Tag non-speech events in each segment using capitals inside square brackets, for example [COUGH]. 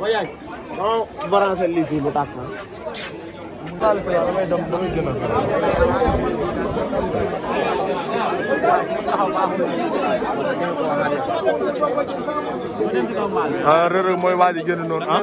waaye yaay dama lii fii mu tàkk daal fa damay damay gën a ah mooy waa ji génn noonu ah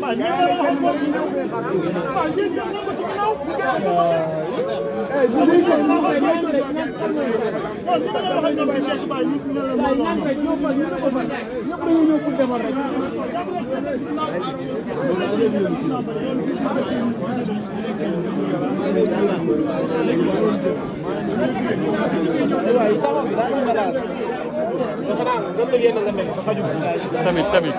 waaw ñun ñoo waxoon boobu ñu ñëw waaw yéen ñëw nañ ko ci ginnaaw. bu dee ko sax waaye ñoom ñoo ñaan xam nañ ko. waaw ñu ne la waxee ñoom ci nekk waaye ñun ñu ne la ñu ñaan rek ñoo fal ñu ne ko fal ñëpp dañoo ñëw pour demal rek. tamit tamit.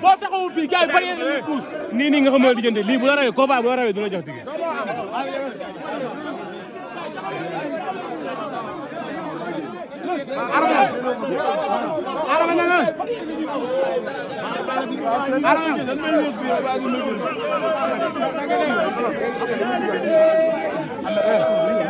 boo taxawul fii gars yi bari na ñu puus nii nii nga xamal diggante lii bu la rawee combat bu la rawee du la jox dige arama arama ñanga arama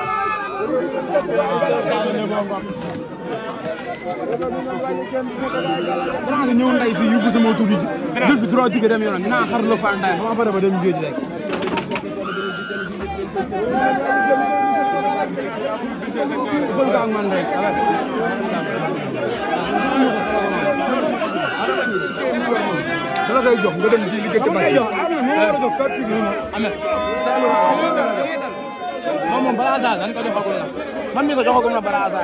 France ñëw nday fii yóbbu sama tur bi jël nga dem ci liggéey ci bari am na ñu war a jox carte bi am na moom baraza dañ ko joxagul na man mii sax joxagul na baraza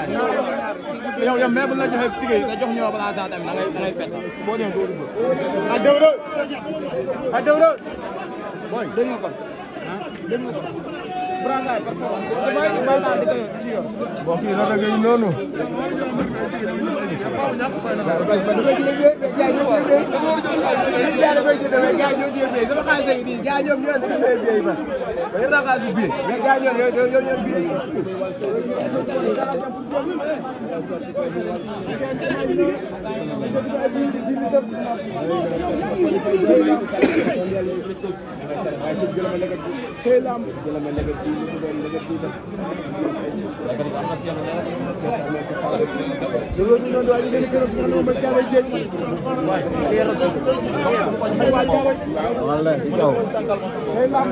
yow yow mais bu la joxee tigé nga jox ñu ma baraza tamit da ngay da ngay pet boo demee doo dugg a dewro a dewro boy dégg nga ko dégg nga ko baraza par favor damay di baraza di ko yor ci yor bokk yi rada ngay noonu jaay ñoo di bay sama xaalis yi di jaay ñoom ñoo di bay ba mais da ngaa bi mais gars yi ñoo ñoo ñoo bi Wala, ikaw. Kailan?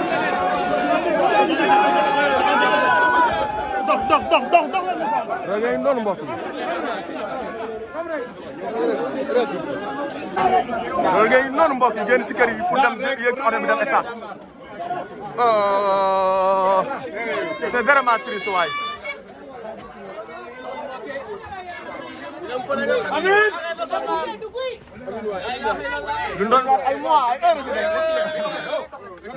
dox dox dox la rek ngeen doon mbokk loolu ngay noonu mbokk yi génn si kër yi pour dem yéeg si oto bi dem stade euh, c'est vraiment triste waay amiin duñ doon ay mois ay heure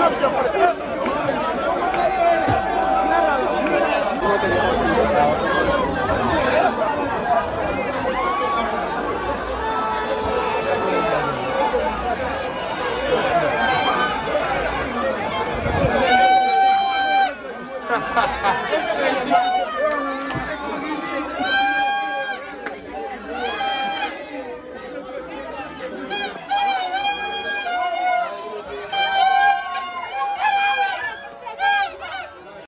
ha [LAUGHS] ha